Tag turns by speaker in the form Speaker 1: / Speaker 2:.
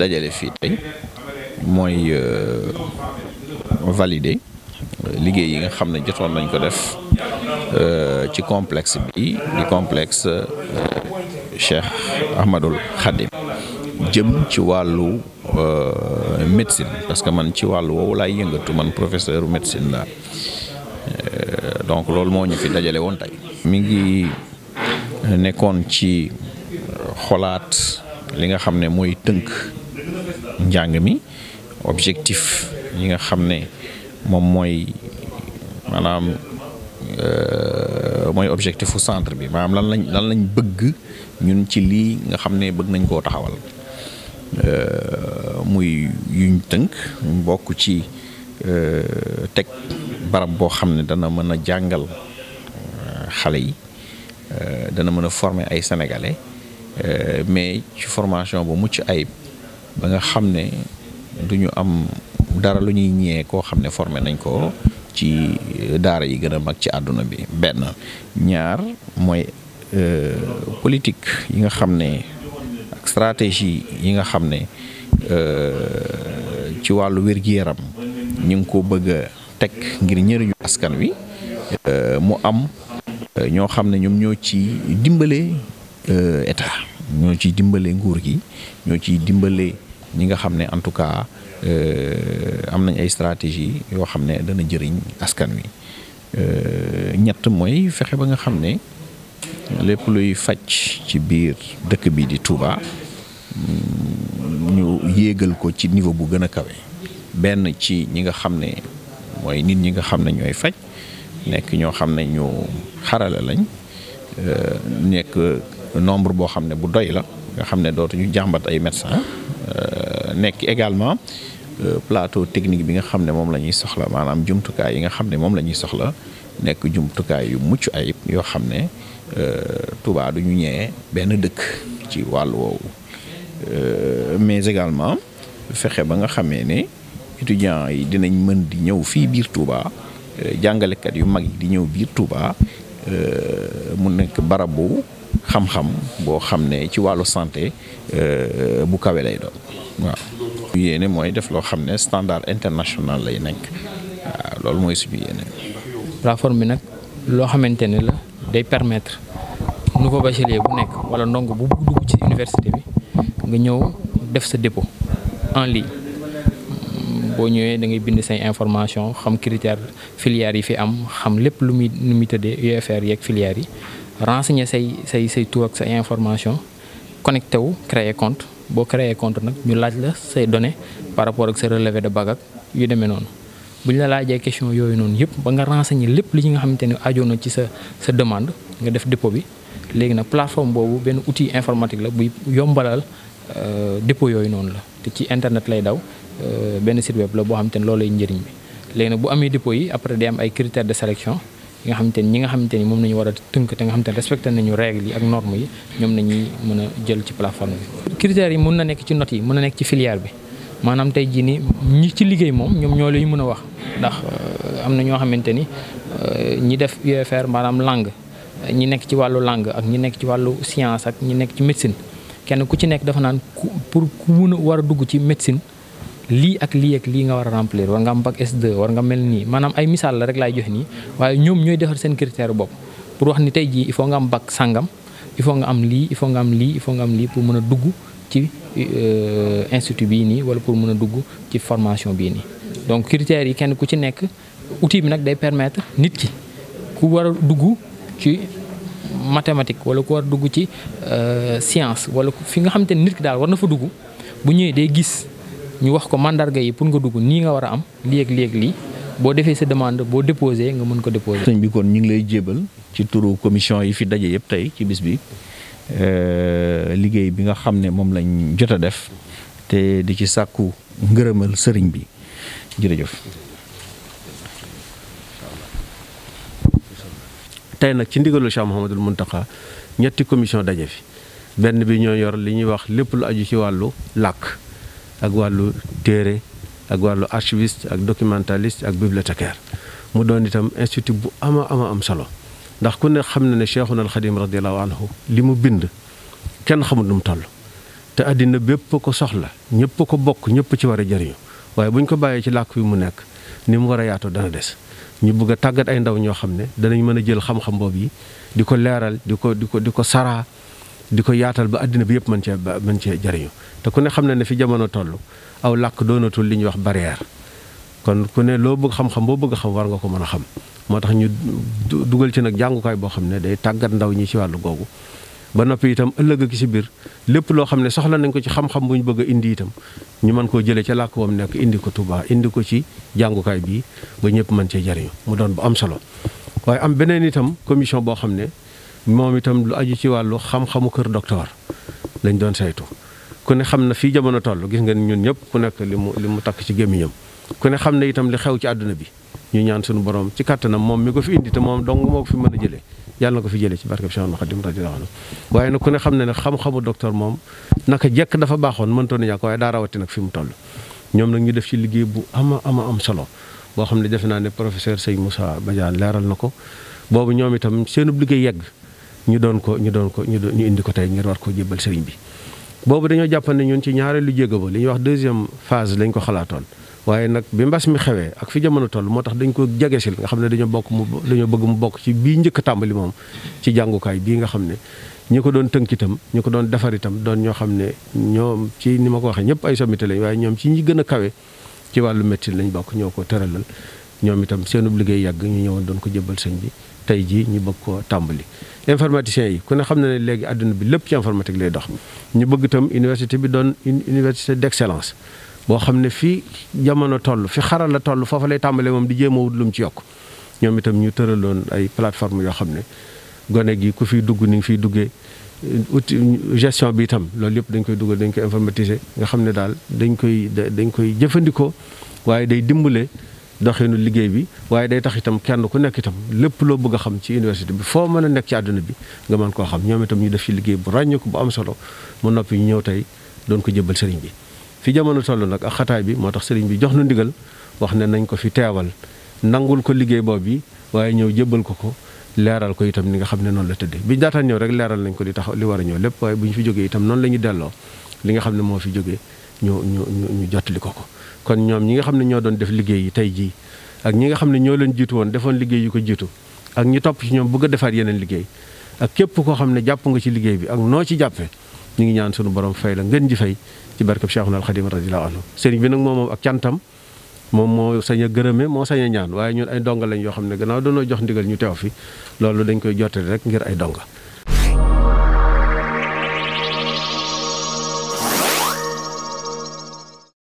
Speaker 1: dajale fii tey mooy euh, valider euh, liggéey yi nga xam ne jotoon nañ ko def euh, ci complex bi di complexe Cheikh Ahmadul Khadim jëm ci wàllu médecine parce que man ci wàllu woowu laay yëngatu man professeur médecine la donc loolu moo ñu fi dajale woon tey mi ngi nekkoon ci xolaat li nga xam ne mooy tënk njàng mi objectif yi nga xam ne moom mooy maanaam euh, mooy objectif u centre bi maanaam lan lañ lan lañ bëgg ñun ci lii nga xam ne bëgg nañ koo taxawal euh, muy yuñ tënk bokk ci euh, teg barab boo xam ne dana mën a jàngal xale yi dana mën a former ay sénégalais mais ci formation bu mucc ayib ba nga xam ne du ñu am dara lu ñuy ñee koo xam ne formé nañ ko ci euh, daara yi gën a mag ci àdduna bi benn ñaar mooy euh, politique yi nga xam ne ak stratégie yi nga xam ne euh, ci wàllu wér-gi-yaram ñu ngi ko bëgg teg ngir ñëriñu askan wi mu am ñoo xam ne ñoom ñoo ci dimbale état ñoo ciy dimbalee nguur gi ñoo ciy dimbalee ñi nga xam ne en tout cas euh, am nañ ay stratégie yoo xam ne dana jëriñ askan wi euh, ñett mooy fexe ba nga xam ne lépp luy faj ci biir dëkk bi di Touba ñu yéegal ko ci niveau bu gën a kawe benn ci ñi nga xam ne mooy nit ñi nga xam ne ñooy faj nekk ñoo xam ne ñu xarala lañ euh, nekk nombre boo xam ne bu doy la nga xam ne dootuñu jàmbat ay médecins nekk également euh, plateau technique bi nga xam ne moom la ñuy soxla maanaam jumtukaay yi nga xam ne moom lañuy soxla nekk jumtukaay yu mucc ayib yoo xam ne euh, Touba du ñu ñëwee benn dëkk ci wàll woowu euh, mais également fexe ba nga xamee ne étudiants yi dinañ mën di ñëw fii biir Touba jàngalekat yu mag yi di ñëw biir Touba mu nekk barab bu xam-xam boo xam ne ci wàllu santé bu kawe lay doon waaw. suñu yéene mooy def loo xam ne standard international lay nekk
Speaker 2: waaw loolu mooy suñu yéene. plateforme bi nag loo xamante ne la day permettre nouveau bachelier bu nekk wala ndongo bu dugg ci université bi nga ñëw def sa dépôt en ligne boo ñëwee da ngay bind say information xam critère filière yi fi am xam lépp lu muy nu muy tëddee UFR yeeg filière yi renseigner say say say ak sa information connecté créer compte. boo créé compte nag ñu laaj la say données par rapport ak sa relevé de bac ak yu demee noonu bu ñu la laajee question yooyu noonu yëpp ba nga renseigné lépp li nga xamante ni ajoo na ci sa sa demande nga def dépôt bi léegi nag plateforme boobu benn outil informatique la buy yombalal euh, dépôt yooyu noonu la te ci internet lay daw euh, benn site web la boo xamante ni loolu lay njëriñ bi léegi nag bu amee dipo yi après day am ay critères de sélection yi nga xamante ni ñi nga xamante ni moom nañu war a tënk te nga xamante ni respecté nañu règles yi ak normes yi ñoom nañuy mën a jël ci plateforme bi critères yi mun na nekk ci notes yi mun na nekk ci filière bi maanaam tey jii nii ñi ci liggéey moom ñoom ñoo lay mën a wax ndax euh, am na ñoo xamante ni euh, ñi def UFR maanaam langue ñi nekk ci wàllu langue ak ñi nekk ci wàllu science ak ñi nekk ci médecine kenn ku ci nekk dafa naan pour ku mun a war a dugg ci médecine lii ak lii ak lii nga war a remplir war nga am bac S2 war nga mel nii maanaam ay misaal la rek laay joxe nii waaye ñoom ñooy defar seen critère bopp pour wax ni tey jii il faut nga am bac sangam il faut nga am lii il faut nga am lii il faut nga am lii pour mën a dugg ci euh, institut bii nii wala pour mën a dugg ci formation bii nii. donc critères yi kenn ku ci nekk outil bi nag day permettre nit ki ku war a dugg ci. mathématique wala ku war dugg ci euh, science wala fi nga xamante ni nit ki daal war na fa dugg bu ñëwee day gis ñu wax ko màndarga yi pour nga dugg nii nga war a am léeg léeg lii boo defee sa demande boo déposé nga mën ko déposé.
Speaker 1: sëñ bi kon ñu ngi lay jéebal ci turu commission yi fi daje yëpp tey ci bis bi euh, liggéey bi nga xam ne moom lañ jot a def te di ci sàkku ngërëmal sëriñ bi jërëjëf.
Speaker 3: tey nag ci ndigalu Cheikh Mouhamadul Mountakha ñetti commission daje fi benn bi ñoo yor li ñuy wax lépp lu aju ci wàllu làkk. ak wàllu téere ak wàllu archiviste ak documentaliste ak bibliothécaire mu doon itam institut bu am am am solo ndax ku ne xam na ne Cheikhuna al Xadim radiallahu anhu li mu bind kenn xamul nu mu toll te àddina bépp ko soxla ñëpp ko bokk ñëpp ci war a jëriñu waaye buñ ko bàyyee ci làkk bi mu nekk ni mu war a yaatoo dana des ñu bëgg a tàggat ay ndaw ñoo xam ne danañ mën a jël xam yi di ko leeral di ko di di ko saraa di ko yaatal ba àddina bi yëpp mën cee mën cee jariñu te ku ne xam na ne fi jamono toll aw làkk doonatul li ñuy wax barrière kon ku ne loo bëgg xam-xam boo bëgg xam war nga ko mën a xam moo tax ñu dugal ci nag jàngukaay boo xam ne day tàggat ndaw ñi ci wàllu googu ba noppi itam ëllëg a ak si biir lépp loo xam ne soxla nañ ko ci xam-xam bu ñu bëgg a indi itam ñu mën koo jëlee ca làkk wam nekk indi ko tubaa indi ko ci jàngukaay bii ba ñëpp mën cee jariñ mu doon bu am solo waaye boo xam ne moom itam lu aju ci wàllu xam-xamu kër docteur lañ doon saytu ku ne xam na fii jamono toll gis nga ne ñun ñëpp ku nekk li mu li mu takk ci gémmiñam ku ne xam ne itam li xew ci àdduna bi ñu ñaan suñu borom ci kàttanam moom mi ko fi indi te moom dong moo ko fi mën a jëlee yàlla na ko fi jëlee ci barke bi Cheikh Khadim radiyallahu anhu waaye nag ku ne xam ne ne xam-xamu docteur moom naka jekk dafa baaxoon mëntoon ñàkk waaye daa rawati nag fi mu toll ñoom nag ñu def ci liggéey bu ama ama am solo boo xam ne defe naa ne professeur Sëñ Moussa Badiane leeral na ko boobu ñoom itam seenub liggéey yegg ñu doon ko ñu doon ko ñu indi ko tey ngir war koo jébbal sëriñ bi boobu dañoo jàpp ne ñun ci ñaareelu jéego ba li ñu wax deuxième phase lañ ko xalaatoon waaye nag bi mbas mi xewee ak fi jamono toll moo tax dañ ko jegesil nga xam ne dañoo bokk mu dañoo bëgg mu bokk ci bii njëkk tàmbali moom ci jàngukaay bii nga xam ne ñi ko doon tënk itam ñi ko doon defar itam doon ñoo xam ne ñoom ci ni ma ko waxee ñëpp ay sommité lañ waaye ñoom ci ñi gën a kawe ci wàllu médecine lañ bokk ñoo ko tëralal ñoom itam seenub liggéey yàgg ñu ñëwoon doon ko jëbbal sëñ bi tey jii ñu bëgg ko tàmbali. informaticiens yi ku ne xam na ne léegi àdduna bi lépp ci informatique lay dox ñu bëgg itam université bi doon une université d'excellence boo xam ne fii jamono toll fi xaral la toll foofu lay tàmbalee moom di jéem wut lu mu ci yokk ñoom itam ñu tëraloon ay plateforme yoo xam ne gone gi ku fi dugg ni nga fiy duggee outil gestion bi itam loolu yëpp dañ koy dugal dañ koy informatiser nga xam ne daal dañ koy dañ koy jëfandikoo waaye da dimbale. doxinu liggéey bi waaye day tax itam kenn ku nekk itam lépp loo bëgg xam ci université bi foo mën a nekk ci àdduna bi nga mën koo xam ñoom itam ñu def ci liggéey bu ràññeeku bu am solo mu noppi ñu ñëw tey doon ko jébbal sëriñ bi. fi jamono toll nag ak xataay bi moo tax sëriñ bi jox na ndigal wax ne nañ ko fi teewal nangul ko liggéey boobu bi waaye ñëw jébbal ko ko leeral ko itam ni nga xam ne noon la tëddee bi daataan ñëw rek leeral nañ ko li tax li war a ñëw lépp waaye bu ñu fi jógee itam noonu la delloo li nga xam ne moo fi jógee ñu ñu ñu jottali ko ko kon ñoom ñi nga xam ne ñoo doon def liggéey yi tey jii ak ñi nga xam ne ñoo leen jiitu woon defoon liggéey yu ko jiitu ak ñi topp ci ñoom bëgg a defaat yeneen liggéey ak képp koo xam ne jàpp nga ci liggéey bi ak noo ci jàppee ñu ngi ñaan sunu borom fay la ngeen ji fay ci barkeb Cheikhuna al Khadim radiyallahu anhu sëriñ bi nag moom moom ak cantam moom moo sañ a gërëme moo sañ ñaan waaye ñun ay donga lañ yoo xam ne gannaaw dañoo jox ndigal ñu teew fi loolu dañ koy jottali rek ngir ay donga